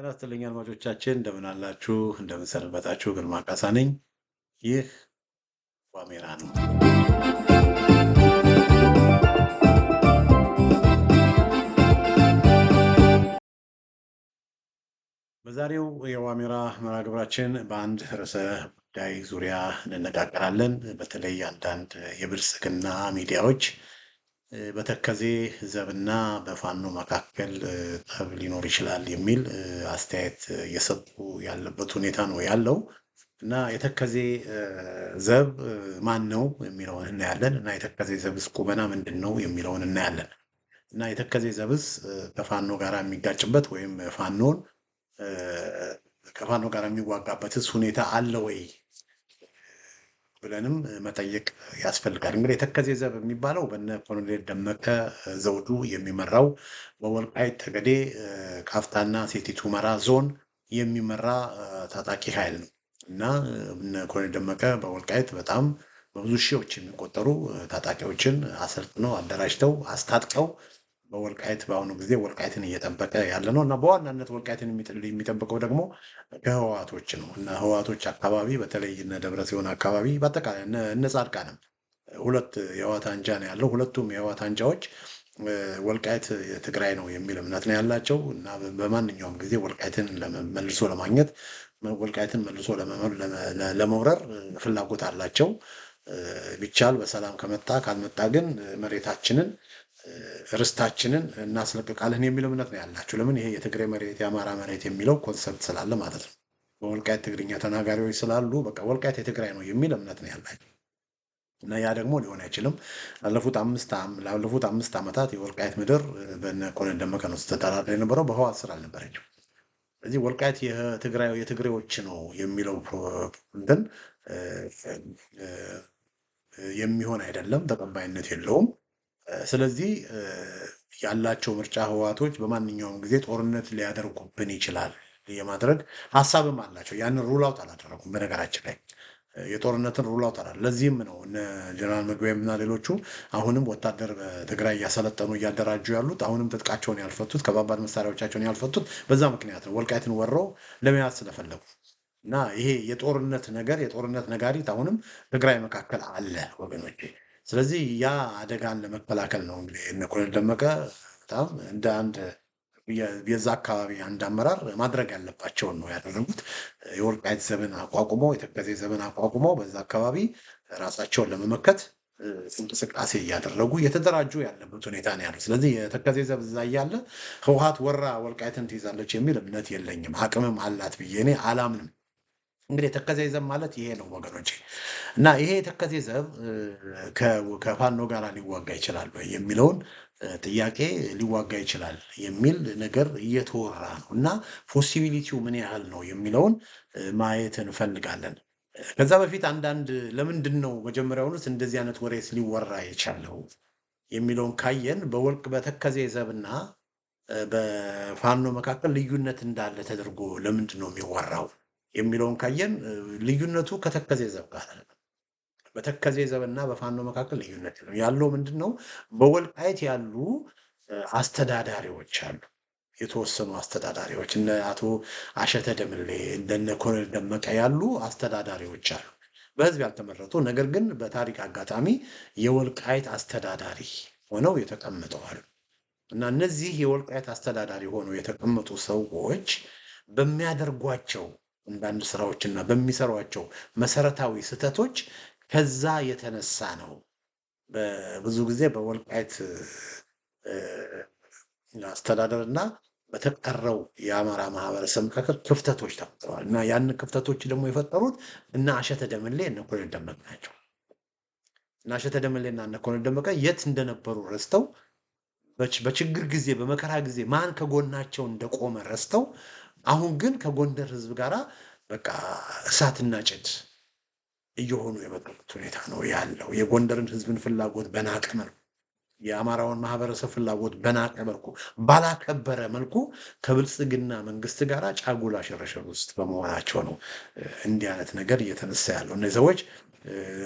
ጤና ይስጥልኝ አድማጮቻችን፣ እንደምናላችሁ እንደምንሰንበታችሁ። ግርማ ካሳ ነኝ። ይህ ዋሜራ ነው። በዛሬው የዋሜራ መርሃ ግብራችን በአንድ ርዕሰ ጉዳይ ዙሪያ እንነጋገራለን። በተለይ አንዳንድ የብልጽግና ሚዲያዎች በተከዜ ዘብና በፋኖ መካከል ጠብ ሊኖር ይችላል የሚል አስተያየት እየሰጡ ያለበት ሁኔታ ነው ያለው እና የተከዜ ዘብ ማን ነው የሚለውን እናያለን እና የተከዜ ዘብስ ቁመና ምንድን ነው የሚለውን እናያለን እና የተከዜ ዘብስ ከፋኖ ጋር የሚጋጭበት ወይም ፋኖን ከፋኖ ጋር የሚዋጋበትስ ሁኔታ አለ ወይ ብለንም መጠየቅ ያስፈልጋል። እንግዲህ የተከዜ ዘብ የሚባለው በነ ኮሎኔል ደመቀ ዘውዱ የሚመራው በወልቃይት ጠገዴ ካፍታና ሴቲት ሁመራ ዞን የሚመራ ታጣቂ ኃይል ነው እና እነ ኮሎኔል ደመቀ በወልቃይት በጣም በብዙ ሺዎች የሚቆጠሩ ታጣቂዎችን አሰልጥነው አደራጅተው አስታጥቀው በወልቃይት በአሁኑ ጊዜ ወልቃይትን እየጠበቀ ያለ ነው እና በዋናነት ወልቃይትን የሚጠብቀው ደግሞ ከህዋቶች ነው እና ህዋቶች አካባቢ በተለይ እነ ደብረ ሲሆን አካባቢ በአጠቃላይ እነ ጻድቃንም ሁለት የህዋት አንጃ ነው ያለው። ሁለቱም የህዋት አንጃዎች ወልቃይት ትግራይ ነው የሚል እምነት ነው ያላቸው እና በማንኛውም ጊዜ ወልቃይትን መልሶ ለማግኘት ወልቃይትን መልሶ ለመውረር ፍላጎት አላቸው። ቢቻል በሰላም ከመጣ ካልመጣ ግን መሬታችንን ርስታችንን እናስለቅቃለን የሚል እምነት ነው ያላቸው። ለምን ይሄ የትግራይ መሬት የአማራ መሬት የሚለው ኮንሰፕት ስላለ ማለት ነው። በወልቃይት ትግርኛ ተናጋሪዎች ስላሉ በቃ ወልቃይት የትግራይ ነው የሚል እምነት ነው ያላቸው እና ያ ደግሞ ሊሆን አይችልም። ላለፉት አምስት ዓመታት የወልቃይት ምድር በነ ኮሎኔል ደመቀ ነው ስተዳደር የነበረው፣ በህዋት ስር አልነበረችም። ስለዚህ ወልቃይት የትግራይ የትግሬዎች ነው የሚለው እንትን የሚሆን አይደለም፣ ተቀባይነት የለውም። ስለዚህ ያላቸው ምርጫ ህወሓቶች በማንኛውም ጊዜ ጦርነት ሊያደርጉብን ይችላል የማድረግ ሀሳብም አላቸው። ያንን ሩላውት አላደረጉም። በነገራችን ላይ የጦርነትን ሩላውት አላ ለዚህም ነው እነ ጀነራል ምግበይም እና ሌሎቹ አሁንም ወታደር በትግራይ እያሰለጠኑ እያደራጁ ያሉት አሁንም ትጥቃቸውን ያልፈቱት ከባባድ መሳሪያዎቻቸውን ያልፈቱት በዛ ምክንያት ነው። ወልቃይትን ወረው ለመያዝ ስለፈለጉ እና ይሄ የጦርነት ነገር የጦርነት ነጋሪት አሁንም ትግራይ መካከል አለ ወገኖቼ። ስለዚህ ያ አደጋን ለመከላከል ነው እንግዲህ እነ ኮሎኔል ደመቀ በጣም እንደ አንድ የዛ አካባቢ አንድ አመራር ማድረግ ያለባቸውን ነው ያደረጉት። የወልቃይት ዘብን አቋቁመው የተከዜ ዘብን አቋቁሞ በዛ አካባቢ ራሳቸውን ለመመከት እንቅስቃሴ እያደረጉ እየተደራጁ ያለበት ሁኔታ ነው ያለው። ስለዚህ የተከዜ ዘብ እዛ እያለ ህውሀት ወራ ወልቃይትን ትይዛለች የሚል እምነት የለኝም፣ አቅምም አላት ብዬ እኔ አላምንም። እንግዲህ የተከዜ ዘብ ማለት ይሄ ነው ወገኖች። እና ይሄ የተከዜ ዘብ ከፋኖ ጋር ሊዋጋ ይችላል ወይ የሚለውን ጥያቄ ሊዋጋ ይችላል የሚል ነገር እየተወራ ነው እና ፖሲቢሊቲው ምን ያህል ነው የሚለውን ማየት እንፈልጋለን። ከዛ በፊት አንዳንድ ለምንድን ነው መጀመሪያውኑስ እንደዚህ አይነት ወሬስ ሊወራ የቻለው የሚለውን ካየን በወልቅ በተከዜ ዘብና በፋኖ መካከል ልዩነት እንዳለ ተደርጎ ለምንድን ነው የሚወራው የሚለውን ካየን ልዩነቱ ከተከዜ ዘብ ጋር በተከዜ እና በፋኖ መካከል ልዩነት የለም። ያለው ምንድን ነው? በወልቃይት ያሉ አስተዳዳሪዎች አሉ። የተወሰኑ አስተዳዳሪዎች እነ አቶ አሸተ ደምሌ እንደነ ኮሎኔል ደመቀ ያሉ አስተዳዳሪዎች አሉ። በህዝብ ያልተመረጡ ነገር ግን በታሪክ አጋጣሚ የወልቃይት አስተዳዳሪ ሆነው የተቀምጠዋል እና እነዚህ የወልቃይት አስተዳዳሪ ሆነው የተቀመጡ ሰዎች በሚያደርጓቸው አንዳንድ ስራዎችና በሚሰሯቸው መሰረታዊ ስህተቶች ከዛ የተነሳ ነው። ብዙ ጊዜ በወልቃይት አስተዳደር እና በተቀረው የአማራ ማህበረሰብ መካከል ክፍተቶች ተፈጥረዋል እና ያን ክፍተቶች ደግሞ የፈጠሩት እና አሸተ ደምሌ እነ ኮሎኔል ደመቀ ናቸው። እና አሸተ ደምሌ እና እነ ኮሎኔል ደመቀ የት እንደነበሩ ረስተው፣ በችግር ጊዜ፣ በመከራ ጊዜ ማን ከጎናቸው እንደቆመ ረስተው አሁን ግን ከጎንደር ህዝብ ጋር በቃ እሳትና ጭድ እየሆኑ የመጡበት ሁኔታ ነው ያለው። የጎንደርን ህዝብን ፍላጎት በናቀ መልኩ፣ የአማራውን ማህበረሰብ ፍላጎት በናቀ መልኩ፣ ባላከበረ መልኩ ከብልጽግና መንግስት ጋር ጫጉላ ሽርሽር ውስጥ በመሆናቸው ነው እንዲህ አይነት ነገር እየተነሳ ያለው። እነዚህ ሰዎች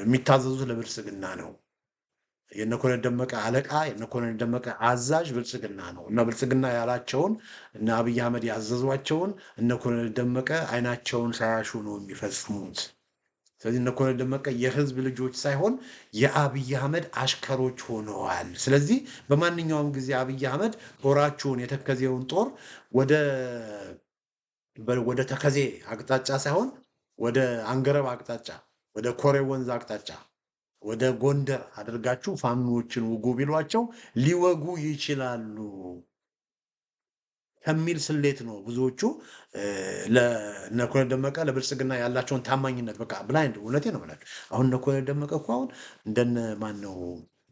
የሚታዘዙት ለብልጽግና ነው። የነኮነን ደመቀ አለቃ የነኮነን ደመቀ አዛዥ ብልጽግና ነው እና ብልጽግና ያላቸውን እና አብይ አህመድ ያዘዟቸውን እነኮነን ደመቀ አይናቸውን ሳያሹ ነው የሚፈጽሙት። ስለዚህ እነኮነን ደመቀ የህዝብ ልጆች ሳይሆን የአብይ አህመድ አሽከሮች ሆነዋል። ስለዚህ በማንኛውም ጊዜ አብይ አህመድ ጦራችሁን የተከዜውን ጦር ወደ ተከዜ አቅጣጫ ሳይሆን ወደ አንገረብ አቅጣጫ፣ ወደ ኮሬ ወንዝ አቅጣጫ ወደ ጎንደር አድርጋችሁ ፋኖችን ውጉ ቢሏቸው ሊወጉ ይችላሉ ከሚል ስሌት ነው ብዙዎቹ ለኮሎኔል ደመቀ ለብልጽግና ያላቸውን ታማኝነት በቃ ብላይንድ እውነቴ ነው ብላቸው። አሁን እነ ኮሎኔል ደመቀ እኮ አሁን እንደነ ማን ነው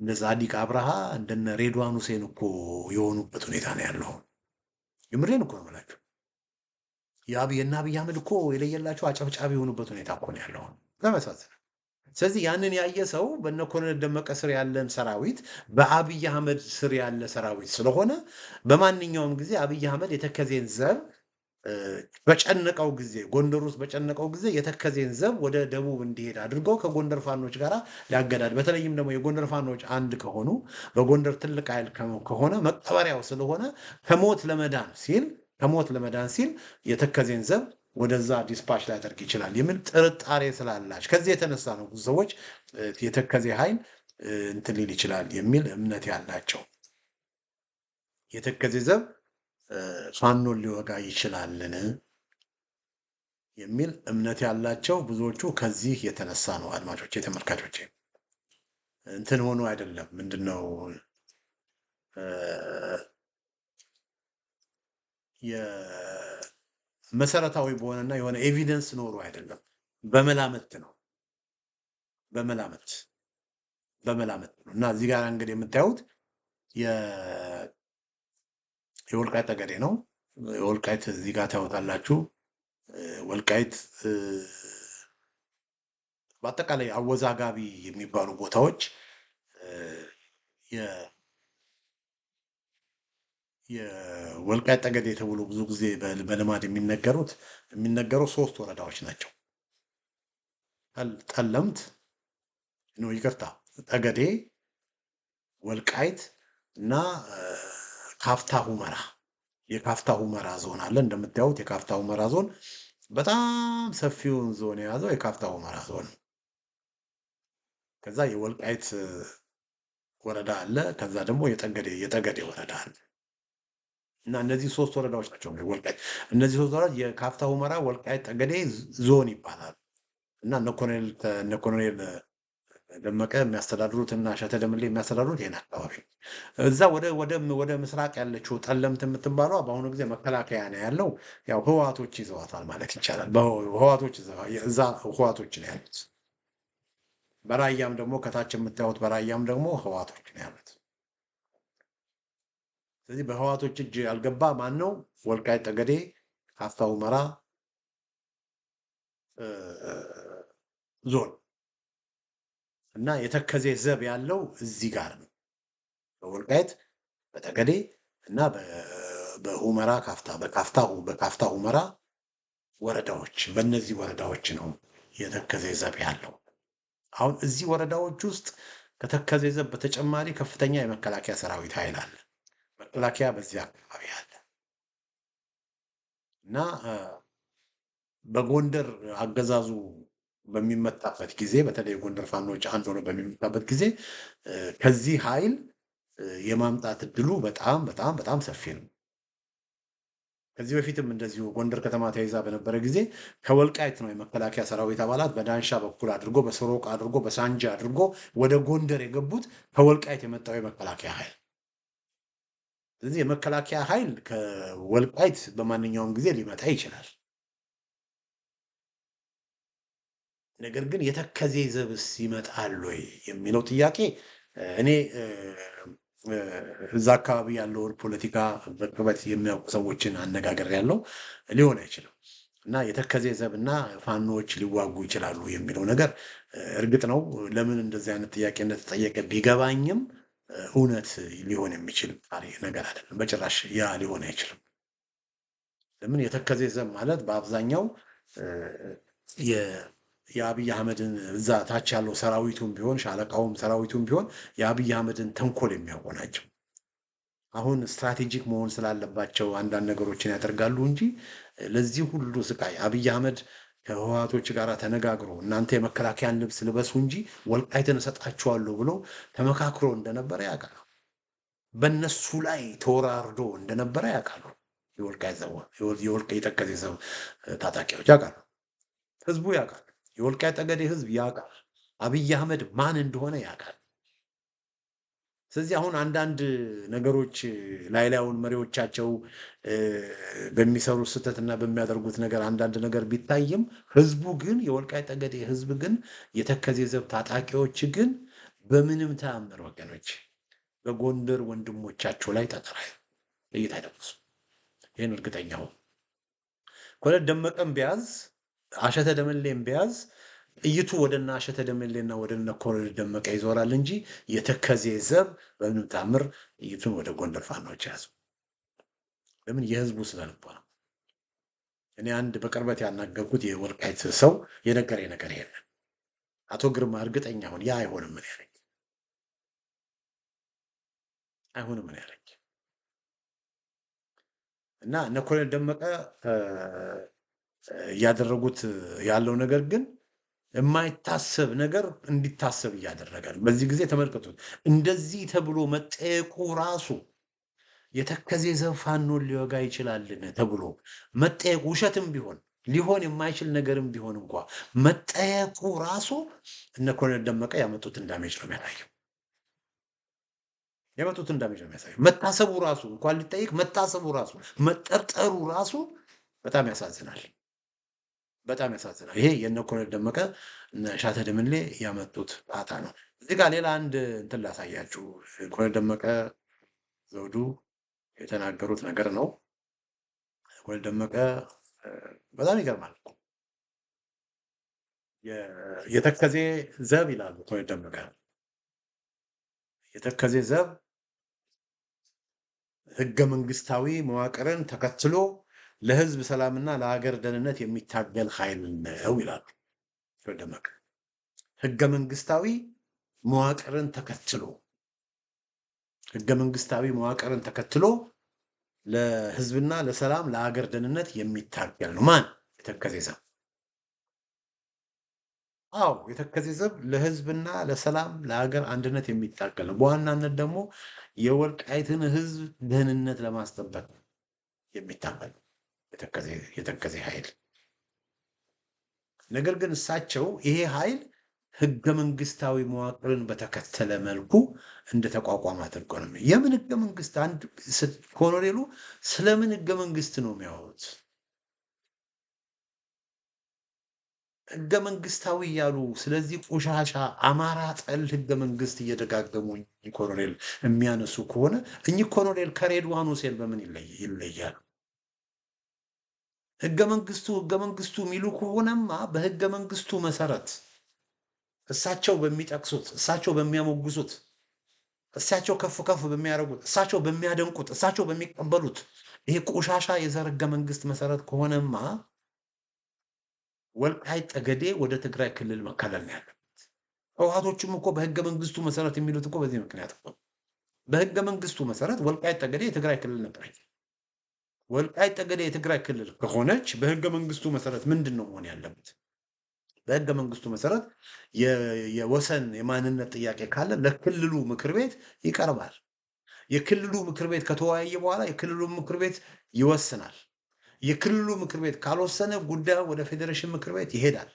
እነ ጻዲቅ አብርሃ እንደነ ሬድዋን ሁሴን እኮ የሆኑበት ሁኔታ ነው ያለው። የምሬን እኮ ነው ብላቸው። የአብይ እና አብይ አህመድ እኮ የለየላቸው አጨብጫቢ የሆኑበት ሁኔታ እኮ ነው ያለው። ለመሳሰል ስለዚህ ያንን ያየ ሰው በነ ኮሎኔል ደመቀ ስር ያለን ሰራዊት በአብይ አህመድ ስር ያለ ሰራዊት ስለሆነ በማንኛውም ጊዜ አብይ አህመድ የተከዜን ዘብ በጨነቀው ጊዜ ጎንደር ውስጥ በጨነቀው ጊዜ የተከዜን ዘብ ወደ ደቡብ እንዲሄድ አድርገው ከጎንደር ፋኖች ጋር ሊያገዳድ በተለይም ደግሞ የጎንደር ፋኖች አንድ ከሆኑ በጎንደር ትልቅ ኃይል ከሆነ መቀበሪያው ስለሆነ ከሞት ለመዳን ሲል ከሞት ለመዳን ሲል የተከዜን ዘብ ወደዛ ዲስፓች ሊያደርግ ይችላል የሚል ጥርጣሬ ስላላች ከዚህ የተነሳ ነው ብዙ ሰዎች የተከዜ ኃይል እንትን ሊል ይችላል የሚል እምነት ያላቸው። የተከዜ ዘብ ፋኖን ሊወጋ ይችላልን የሚል እምነት ያላቸው ብዙዎቹ ከዚህ የተነሳ ነው። አድማጮቼ ተመልካቾቼ፣ እንትን ሆኖ አይደለም። ምንድነው የ መሰረታዊ በሆነና የሆነ ኤቪደንስ ኖሮ አይደለም። በመላመት ነው በመላመት በመላመት ነው። እና እዚህ ጋር እንግዲህ የምታዩት የወልቃይት ጠገዴ ነው። የወልቃይት እዚህ ጋር ታዩታላችሁ። ወልቃይት በአጠቃላይ አወዛጋቢ የሚባሉ ቦታዎች የወልቃይት ጠገዴ ተብሎ ብዙ ጊዜ በልማድ የሚነገሩት የሚነገረው ሶስት ወረዳዎች ናቸው። ጠለምት ይቅርታ፣ ጠገዴ፣ ወልቃይት እና ካፍታ ሁመራ። የካፍታ ሁመራ ዞን አለ። እንደምታዩት የካፍታ ሁመራ ዞን በጣም ሰፊውን ዞን የያዘው የካፍታ ሁመራ ዞን ከዛ የወልቃይት ወረዳ አለ። ከዛ ደግሞ የጠገዴ የጠገዴ ወረዳ አለ። እና እነዚህ ሶስት ወረዳዎች ናቸው ወልቃይት። እነዚህ ሶስት ወረዳዎች የካፍታ ሁመራ፣ ወልቃይት ጠገዴ ዞን ይባላል እና እነ ኮሎኔል ደመቀ የሚያስተዳድሩት እና ሸተ ደምሌ የሚያስተዳድሩት ይህን አካባቢ እዛ ወደ ምስራቅ ያለችው ጠለምት የምትባለ በአሁኑ ጊዜ መከላከያ ነው ያለው። ያው ህዋቶች ይዘዋታል ማለት ይቻላል። ህዋቶች እዛ ህዋቶች ነው ያሉት። በራያም ደግሞ ከታች የምታዩት በራያም ደግሞ ህዋቶች ነው ያሉት። ስለዚህ በህዋቶች እጅ ያልገባ ማን ነው? ወልቃይት ጠገዴ፣ ካፋ ሁመራ ዞን እና የተከዜ ዘብ ያለው እዚህ ጋር ነው። በወልቃይት በጠገዴ እና በሁመራ ካፍታ በካፍታ በካፍታ ሁመራ ወረዳዎች በእነዚህ ወረዳዎች ነው የተከዜ ዘብ ያለው። አሁን እዚህ ወረዳዎች ውስጥ ከተከዜ ዘብ በተጨማሪ ከፍተኛ የመከላከያ ሰራዊት ኃይል አለ። መከላከያ በዚህ አካባቢ አለ እና በጎንደር አገዛዙ በሚመጣበት ጊዜ በተለይ የጎንደር ፋኖች አንድ ሆነ በሚመታበት ጊዜ ከዚህ ኃይል የማምጣት እድሉ በጣም በጣም በጣም ሰፊ ነው። ከዚህ በፊትም እንደዚሁ ጎንደር ከተማ ተይዛ በነበረ ጊዜ ከወልቃይት ነው የመከላከያ ሰራዊት አባላት በዳንሻ በኩል አድርጎ በሰሮቅ አድርጎ በሳንጃ አድርጎ ወደ ጎንደር የገቡት ከወልቃይት የመጣው የመከላከያ ኃይል ስለዚህ የመከላከያ ኃይል ከወልቃይት በማንኛውም ጊዜ ሊመጣ ይችላል። ነገር ግን የተከዜ ዘብስ ይመጣል ወይ የሚለው ጥያቄ እኔ እዛ አካባቢ ያለውን ፖለቲካ በቅርበት የሚያውቁ ሰዎችን አነጋገር ያለው ሊሆን አይችልም እና የተከዜ ዘብ እና ፋኖዎች ሊዋጉ ይችላሉ የሚለው ነገር እርግጥ ነው። ለምን እንደዚህ አይነት ጥያቄ እንደተጠየቀ ቢገባኝም እውነት ሊሆን የሚችል ቃሪ ነገር አይደለም። በጭራሽ ያ ሊሆን አይችልም። ለምን የተከዜ ዘብ ማለት በአብዛኛው የአብይ አህመድን እዛ ታች ያለው ሰራዊቱም ቢሆን ሻለቃውም ሰራዊቱም ቢሆን የአብይ አህመድን ተንኮል የሚያውቁ ናቸው። አሁን ስትራቴጂክ መሆን ስላለባቸው አንዳንድ ነገሮችን ያደርጋሉ እንጂ ለዚህ ሁሉ ስቃይ አብይ አህመድ ከህወሓቶች ጋር ተነጋግሮ እናንተ የመከላከያን ልብስ ልበሱ እንጂ ወልቃይትን እሰጣችኋለሁ ብሎ ተመካክሮ እንደነበረ ያውቃሉ። በእነሱ ላይ ተወራርዶ እንደነበረ ያውቃሉ። የወልቃይት ጠገዴ ታጣቂዎች ያውቃሉ። ህዝቡ ያውቃል። የወልቃይት ጠገዴ ህዝብ ያውቃል። አብይ አህመድ ማን እንደሆነ ያውቃል። ስለዚህ አሁን አንዳንድ ነገሮች ላይ ላዩን መሪዎቻቸው በሚሰሩ ስህተትና በሚያደርጉት ነገር አንዳንድ ነገር ቢታይም ህዝቡ ግን የወልቃይ ጠገዴ ህዝብ ግን የተከዜ ዘብ ታጣቂዎች ግን በምንም ተአምር ወገኖች በጎንደር ወንድሞቻቸው ላይ ጠጠራ ጥይት አይደርሱም። ይህን እርግጠኛው ኮሎኔል ደመቀም ቢያዝ አሸተ ደመሌም ቢያዝ ጥይቱ ወደ እነ አሸተ ደምሌና ወደ እነ ኮሎኔል ደመቀ ይዞራል እንጂ የተከዜ ዘብ በምንም ታምር ጥይቱን ወደ ጎንደር ፋኖች ያዙ። ለምን? የህዝቡ ስለልባ ነው። እኔ አንድ በቅርበት ያናገርኩት የወልቃይት ሰው የነገረኝ ነገር የለም። አቶ ግርማ እርግጠኛ ሁን፣ ያ አይሆንም። ምን ያለኝ አይሆንም። ምን ያለኝ እና እነ ኮሎኔል ደመቀ እያደረጉት ያለው ነገር ግን የማይታሰብ ነገር እንዲታሰብ እያደረገ ነው። በዚህ ጊዜ ተመልከቱት። እንደዚህ ተብሎ መጠየቁ ራሱ የተከዜ ዘብ ፋኖን ሊወጋ ይችላልን ተብሎ መጠየቁ ውሸትም ቢሆን ሊሆን የማይችል ነገርም ቢሆን እንኳ መጠየቁ ራሱ እነ ኮሎኔል ደመቀ ያመጡት እንዳሜጅ ነው የሚያሳየው። የመጡት እንዳሜጅ ነው የሚያሳየው። መታሰቡ ራሱ እንኳን ሊጠይቅ መታሰቡ ራሱ መጠርጠሩ ራሱ በጣም ያሳዝናል። በጣም ያሳዝናል። ይሄ የነ ኮሎኔል ደመቀ ሻተ ድምሌ ያመጡት ጣጣ ነው። እዚህ ጋር ሌላ አንድ እንትን ላሳያችሁ። ኮሎኔል ደመቀ ዘውዱ የተናገሩት ነገር ነው። ኮሎኔል ደመቀ በጣም ይገርማል። የተከዜ ዘብ ይላሉ ኮሎኔል ደመቀ። የተከዜ ዘብ ህገ መንግስታዊ መዋቅርን ተከትሎ ለህዝብ ሰላምና ለሀገር ደህንነት የሚታገል ኃይል ነው ይላሉ ደመቀ። ህገ መንግስታዊ መዋቅርን ተከትሎ ህገ መንግስታዊ መዋቅርን ተከትሎ ለህዝብና ለሰላም ለሀገር ደህንነት የሚታገል ነው። ማን? የተከዜ ዘብ። አዎ የተከዜ ዘብ ለህዝብና ለሰላም ለሀገር አንድነት የሚታገል ነው። በዋናነት ደግሞ የወልቃይትን ህዝብ ደህንነት ለማስጠበቅ የሚታገል ነው። የተከዜ ኃይል። ነገር ግን እሳቸው ይሄ ኃይል ህገ መንግስታዊ መዋቅርን በተከተለ መልኩ እንደ እንደተቋቋመ አድርጎ ነው። የምን ህገ መንግስት? አንድ ኮሎኔሉ ስለምን ህገ መንግስት ነው የሚያወሩት? ህገ መንግስታዊ እያሉ ስለዚህ ቆሻሻ አማራ ጠል ህገ መንግስት እየደጋገሙ ኮሎኔል የሚያነሱ ከሆነ እኚህ ኮሎኔል ከሬድዋን ሁሴን በምን ይለያሉ? ህገ መንግስቱ ህገ መንግስቱ የሚሉ ከሆነማ በህገ መንግስቱ መሰረት እሳቸው በሚጠቅሱት እሳቸው በሚያሞግሱት እሳቸው ከፍ ከፍ በሚያደርጉት እሳቸው በሚያደንቁት እሳቸው በሚቀበሉት ይሄ ቆሻሻ የዘር ህገ መንግስት መሰረት ከሆነማ ወልቃይ ጠገዴ ወደ ትግራይ ክልል መከለል ነው ያለበት። ህወሓቶችም እኮ በህገ መንግስቱ መሰረት የሚሉት እኮ በዚህ ምክንያት በህገ መንግስቱ መሰረት ወልቃይ ጠገዴ የትግራይ ክልል ነበር። ወልቃይት ጠገዴ የትግራይ ክልል ከሆነች በህገ መንግስቱ መሰረት ምንድን ነው መሆን ያለበት? በህገ መንግስቱ መሰረት የወሰን የማንነት ጥያቄ ካለ ለክልሉ ምክር ቤት ይቀርባል። የክልሉ ምክር ቤት ከተወያየ በኋላ የክልሉ ምክር ቤት ይወስናል። የክልሉ ምክር ቤት ካልወሰነ ጉዳዩ ወደ ፌዴሬሽን ምክር ቤት ይሄዳል።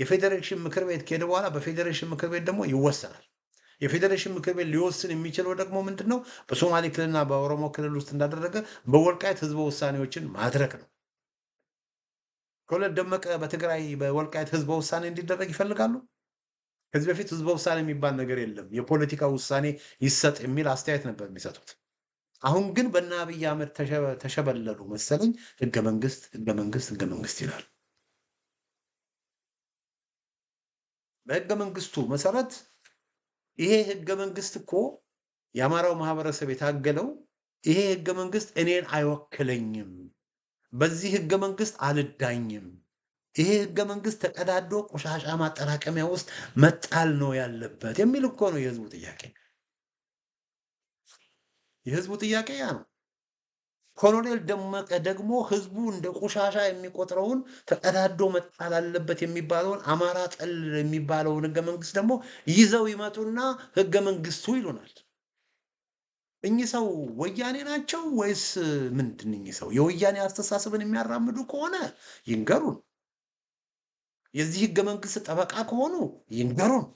የፌዴሬሽን ምክር ቤት ከሄደ በኋላ በፌዴሬሽን ምክር ቤት ደግሞ ይወሰናል። የፌዴሬሽን ምክር ቤት ሊወስን የሚችለው ደግሞ ምንድን ነው? በሶማሌ ክልልና በኦሮሞ ክልል ውስጥ እንዳደረገ በወልቃይት ህዝበ ውሳኔዎችን ማድረግ ነው። ከሁለት ደመቀ በትግራይ በወልቃይት ህዝበ ውሳኔ እንዲደረግ ይፈልጋሉ። ከዚህ በፊት ህዝበ ውሳኔ የሚባል ነገር የለም፣ የፖለቲካ ውሳኔ ይሰጥ የሚል አስተያየት ነበር የሚሰጡት። አሁን ግን በእነ አብይ አህመድ ተሸበለሉ መሰለኝ። ህገ መንግስት ህገ መንግስት ህገ መንግስት ይላል። በህገ መንግስቱ መሰረት ይሄ ህገ መንግስት እኮ የአማራው ማህበረሰብ የታገለው ይሄ ህገ መንግስት እኔን አይወክለኝም፣ በዚህ ህገ መንግስት አልዳኝም፣ ይሄ ህገ መንግስት ተቀዳዶ ቆሻሻ ማጠራቀሚያ ውስጥ መጣል ነው ያለበት የሚል እኮ ነው የህዝቡ ጥያቄ። የህዝቡ ጥያቄ ያ ነው። ኮሎኔል ደመቀ ደግሞ ህዝቡ እንደ ቆሻሻ የሚቆጥረውን ተቀዳዶ መጣል አለበት የሚባለውን አማራ ጠል የሚባለውን ህገ መንግስት ደግሞ ይዘው ይመጡና ህገ መንግስቱ ይሉናል። እኚህ ሰው ወያኔ ናቸው ወይስ ምንድን? እኚህ ሰው የወያኔ አስተሳሰብን የሚያራምዱ ከሆነ ይንገሩን። የዚህ ህገ መንግስት ጠበቃ ከሆኑ ይንገሩን።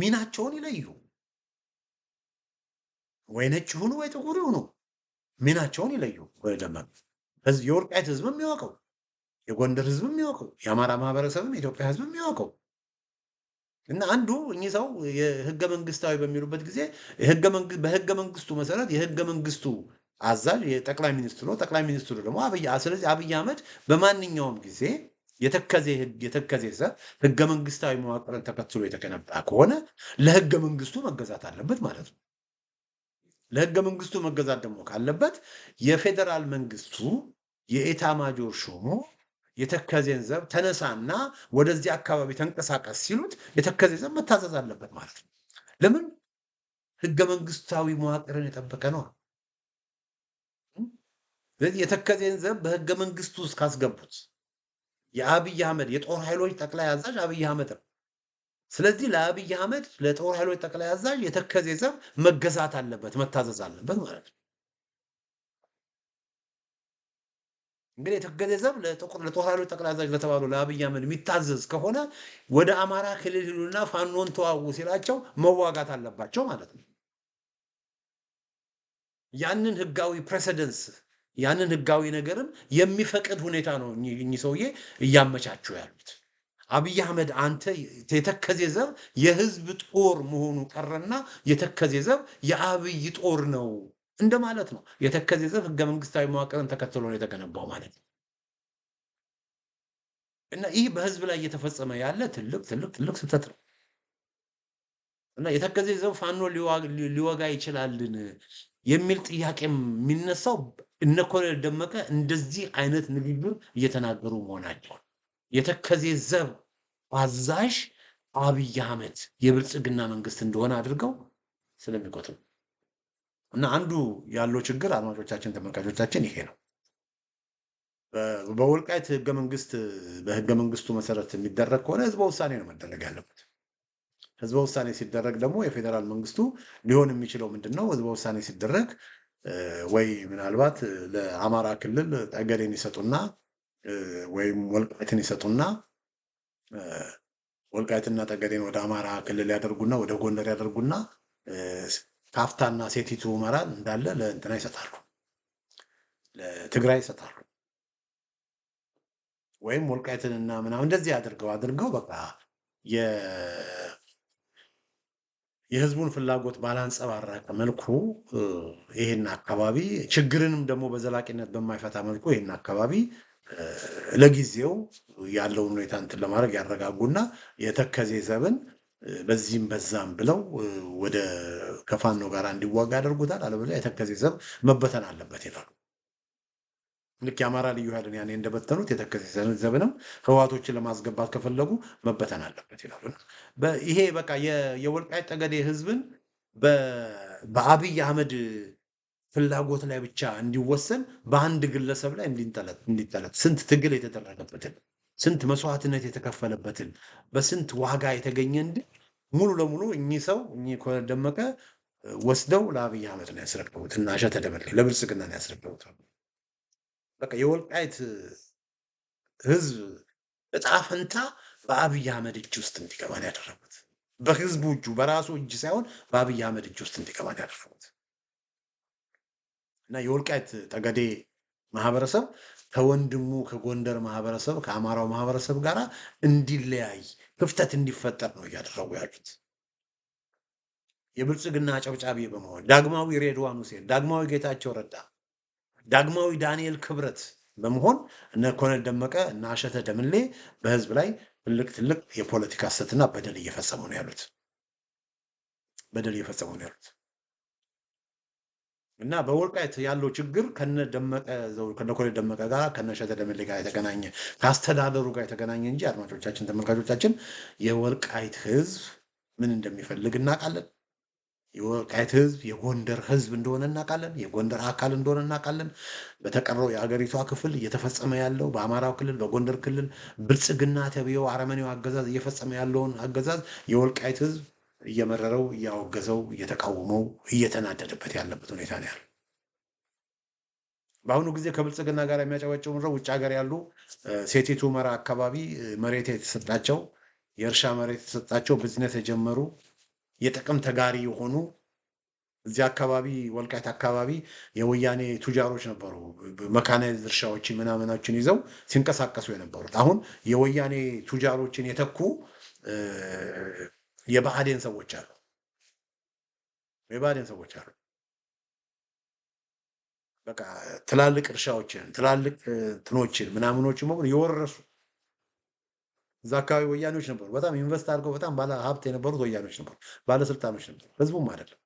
ሚናቸውን ይለዩ። ወይ ነጭ ይሁኑ ወይ ጥቁር ይሁኑ ሚናቸውን ይለዩ የወልቃይት ህዝብ የሚያውቀው የጎንደር ህዝብ የሚያውቀው የአማራ ማህበረሰብም የኢትዮጵያ ህዝብ የሚያውቀው እና አንዱ እኚህ ሰው የህገ መንግስታዊ በሚሉበት ጊዜ በህገ መንግስቱ መሰረት የህገ መንግስቱ አዛዥ የጠቅላይ ሚኒስትሩ ነው። ጠቅላይ ሚኒስትሩ ደግሞ ስለዚህ አብይ አህመድ በማንኛውም ጊዜ የተከዜ ህግ የተከዜ ሰብ ህገ መንግስታዊ መዋቅርን ተከትሎ የተገነባ ከሆነ ለህገ መንግስቱ መገዛት አለበት ማለት ነው። ለህገ መንግስቱ መገዛት ደግሞ ካለበት የፌዴራል መንግስቱ የኤታ ማጆር ሾሞ የተከዜን ዘብ ተነሳና ወደዚህ አካባቢ ተንቀሳቀስ ሲሉት የተከዜን ዘብ መታዘዝ አለበት ማለት ነው። ለምን ህገ መንግስታዊ መዋቅርን የጠበቀ ነው። ስለዚህ የተከዜን ዘብ በህገ መንግስቱ ውስጥ ካስገቡት የአብይ አህመድ የጦር ኃይሎች ጠቅላይ አዛዥ አብይ አህመድ ነው። ስለዚህ ለአብይ አህመድ ለጦር ኃይሎች ጠቅላይ አዛዥ የተከዜ ዘብ መገዛት አለበት፣ መታዘዝ አለበት ማለት ነው። እንግዲህ የተከዜ ዘብ ለጦር ኃይሎች ጠቅላይ አዛዥ ለአብይ አህመድ የሚታዘዝ ከሆነ ወደ አማራ ክልል ሉና ፋኖን ተዋጉ ሲላቸው መዋጋት አለባቸው ማለት ነው። ያንን ህጋዊ ፕሬሰደንስ ያንን ህጋዊ ነገርም የሚፈቅድ ሁኔታ ነው እኚህ ሰውዬ እያመቻቹ ያሉት። አብይ አህመድ አንተ የተከዜ ዘብ የህዝብ ጦር መሆኑ ቀረና የተከዜ ዘብ የአብይ ጦር ነው እንደማለት ነው። የተከዜ ዘብ ህገ መንግስታዊ መዋቅርን ተከትሎ ነው የተገነባው ማለት ነው። እና ይህ በህዝብ ላይ እየተፈጸመ ያለ ትልቅ ትልቅ ትልቅ ስህተት ነው። እና የተከዜ ዘብ ፋኖ ሊወጋ ይችላልን የሚል ጥያቄ የሚነሳው እነ ኮሎኔል ደመቀ እንደዚህ አይነት ንግግር እየተናገሩ መሆናቸው የተከዜ ዘብ አዛዥ አብይ አህመድ የብልጽግና መንግስት እንደሆነ አድርገው ስለሚቆጥሩ እና አንዱ ያለው ችግር አድማጮቻችን፣ ተመልካቾቻችን ይሄ ነው። በወልቃይት ህገ መንግስት በህገ መንግስቱ መሰረት የሚደረግ ከሆነ ህዝበ ውሳኔ ነው መደረግ ያለበት። ህዝበ ውሳኔ ሲደረግ ደግሞ የፌዴራል መንግስቱ ሊሆን የሚችለው ምንድን ነው? ህዝበ ውሳኔ ሲደረግ ወይ ምናልባት ለአማራ ክልል ጠገዴን ይሰጡና ወይም ወልቃይትን ይሰጡና ወልቃይትና ጠገዴን ወደ አማራ ክልል ያደርጉና ወደ ጎንደር ያደርጉና ካፍታና ሴቲቱ መራ እንዳለ ለእንትና ይሰጣሉ፣ ለትግራይ ይሰጣሉ። ወይም ወልቃይትንና ምናምን እንደዚህ አድርገው አድርገው በቃ የህዝቡን ፍላጎት ባላንጸባረቀ መልኩ ይህን አካባቢ ችግርንም ደግሞ በዘላቂነት በማይፈታ መልኩ ይህን አካባቢ ለጊዜው ያለውን ሁኔታ እንትን ለማድረግ ያረጋጉና የተከዜ ዘብን በዚህም በዛም ብለው ወደ ከፋኖ ጋር እንዲዋጋ ያደርጉታል። አለበለዚያ የተከዜ ዘብ መበተን አለበት ይላሉ። ልክ የአማራ ልዩ ኃይልን ያኔ እንደበተኑት የተከዜ ዘብንም ህወሓቶችን ለማስገባት ከፈለጉ መበተን አለበት ይላሉ። ይሄ በቃ የወልቃይት ጠገዴ ህዝብን በአብይ አህመድ ፍላጎት ላይ ብቻ እንዲወሰን በአንድ ግለሰብ ላይ እንዲጠለት ስንት ትግል የተደረገበትን ስንት መስዋዕትነት የተከፈለበትን በስንት ዋጋ የተገኘ እንዲ ሙሉ ለሙሉ እኚህ ሰው እኚህ ደመቀ ወስደው ለአብይ አህመድ ነው ያስረከቡት እና እሸተ ደበሌ ለብልጽግና ነው ያስረከቡት። በቃ የወልቃይት ህዝብ እጣ ፈንታ በአብይ አህመድ እጅ ውስጥ እንዲገባ ነው ያደረጉት። በህዝቡ እጁ በራሱ እጅ ሳይሆን በአብይ አህመድ እጅ ውስጥ እንዲገባ ነው ያደረጉት። እና የወልቃይት ጠገዴ ማህበረሰብ ከወንድሙ ከጎንደር ማህበረሰብ ከአማራው ማህበረሰብ ጋር እንዲለያይ ክፍተት እንዲፈጠር ነው እያደረጉ ያሉት። የብልጽግና አጨብጫቢ በመሆን ዳግማዊ ሬድዋን ሁሴን፣ ዳግማዊ ጌታቸው ረዳ፣ ዳግማዊ ዳንኤል ክብረት በመሆን እነ ኮነል ደመቀ እና አሸተ ደምሌ በህዝብ ላይ ትልቅ ትልቅ የፖለቲካ ስተትና በደል እየፈጸሙ ነው ያሉት በደል እየፈጸሙ ነው ያሉት። እና በወልቃይት ያለው ችግር ከነደመቀ ከነኮሌ ደመቀ ጋር ከነሸተ ደመሌ ጋር የተገናኘ ከአስተዳደሩ ጋር የተገናኘ እንጂ አድማጮቻችን፣ ተመልካቾቻችን የወልቃይት ህዝብ ምን እንደሚፈልግ እናውቃለን። የወልቃይት ህዝብ የጎንደር ህዝብ እንደሆነ እናውቃለን። የጎንደር አካል እንደሆነ እናውቃለን። በተቀረው የሀገሪቷ ክፍል እየተፈጸመ ያለው በአማራው ክልል፣ በጎንደር ክልል ብልጽግና ተብዬው አረመኔው አገዛዝ እየፈጸመ ያለውን አገዛዝ የወልቃይት ህዝብ እየመረረው እያወገዘው እየተቃወመው እየተናደደበት ያለበት ሁኔታ ነው ያለው። በአሁኑ ጊዜ ከብልጽግና ጋር የሚያጨበጭቡ ምረው ውጭ ሀገር ያሉ ሴቲቱ መራ አካባቢ መሬት የተሰጣቸው የእርሻ መሬት የተሰጣቸው ብዝነስ የጀመሩ የጥቅም ተጋሪ የሆኑ እዚያ አካባቢ ወልቃይት አካባቢ የወያኔ ቱጃሮች ነበሩ። መካናይዝ እርሻዎችን ምናምናችን ይዘው ሲንቀሳቀሱ የነበሩት አሁን የወያኔ ቱጃሮችን የተኩ የባህዴን ሰዎች አሉ። የባህዴን ሰዎች አሉ። በቃ ትላልቅ እርሻዎችን ትላልቅ ትኖችን ምናምኖችን በሙሉ የወረሱ እዛ አካባቢ ወያኔዎች ነበሩ። በጣም ኢንቨስት አድርገው በጣም ባለ ሀብት የነበሩት ወያኔዎች ነበሩ፣ ባለስልጣኖች ነበሩ። ህዝቡም አይደለም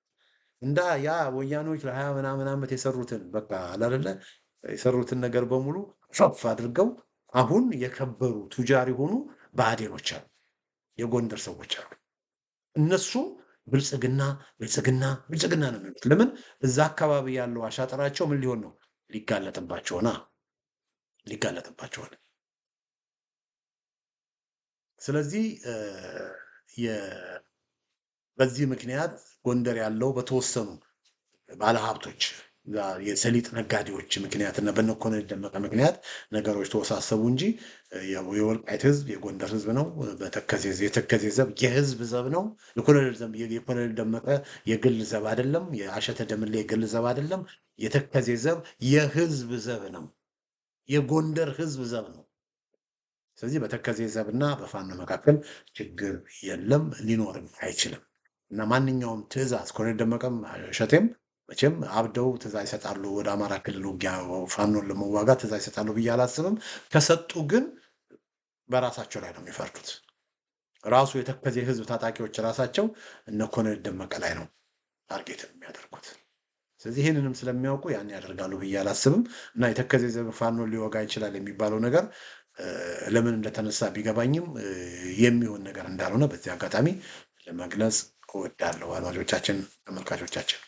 እንዳ ያ ወያኔዎች ለሀያ ምናምን ዓመት የሰሩትን በቃ አላደለ የሰሩትን ነገር በሙሉ ሸፍ አድርገው አሁን የከበሩ ቱጃር የሆኑ ብአዴኖች አሉ፣ የጎንደር ሰዎች አሉ። እነሱ ብልጽግና ብልጽግና ብልጽግና ነው የሚሉት። ለምን እዛ አካባቢ ያለው አሻጠራቸው ምን ሊሆን ነው? ሊጋለጥባቸውና ሊጋለጥባቸዋል። ስለዚህ በዚህ ምክንያት ጎንደር ያለው በተወሰኑ ባለሀብቶች የሰሊጥ ነጋዴዎች ምክንያት እና በነኮነ ደመቀ ምክንያት ነገሮች ተወሳሰቡ እንጂ የወልቃይት ህዝብ የጎንደር ህዝብ ነው። የተከዜ ዘብ የህዝብ ዘብ ነው። የኮሎኔል ደመቀ የግል ዘብ አይደለም። የአሸተ ደምሌ የግል ዘብ አይደለም። የተከዜ ዘብ የህዝብ ዘብ ነው። የጎንደር ህዝብ ዘብ ነው። ስለዚህ በተከዜ ዘብና በፋኖ መካከል ችግር የለም፣ ሊኖርም አይችልም እና ማንኛውም ትዕዛዝ ኮሎኔል ደመቀም እሸቴም መቼም አብደው ትእዛዝ ይሰጣሉ። ወደ አማራ ክልል ውጊያ ፋኖን ለመዋጋ ትእዛዝ ይሰጣሉ ብዬ አላስብም። ከሰጡ ግን በራሳቸው ላይ ነው የሚፈርዱት። ራሱ የተከዜ ህዝብ ታጣቂዎች ራሳቸው እነ ኮሎኔል ደመቀ ላይ ነው ታርጌት የሚያደርጉት። ስለዚህ ይህንንም ስለሚያውቁ ያን ያደርጋሉ ብዬ አላስብም እና የተከዜ ዘብ ፋኖን ሊወጋ ይችላል የሚባለው ነገር ለምን እንደተነሳ ቢገባኝም የሚሆን ነገር እንዳልሆነ በዚህ አጋጣሚ ለመግለጽ እወዳለሁ። አድማጮቻችን፣ ተመልካቾቻችን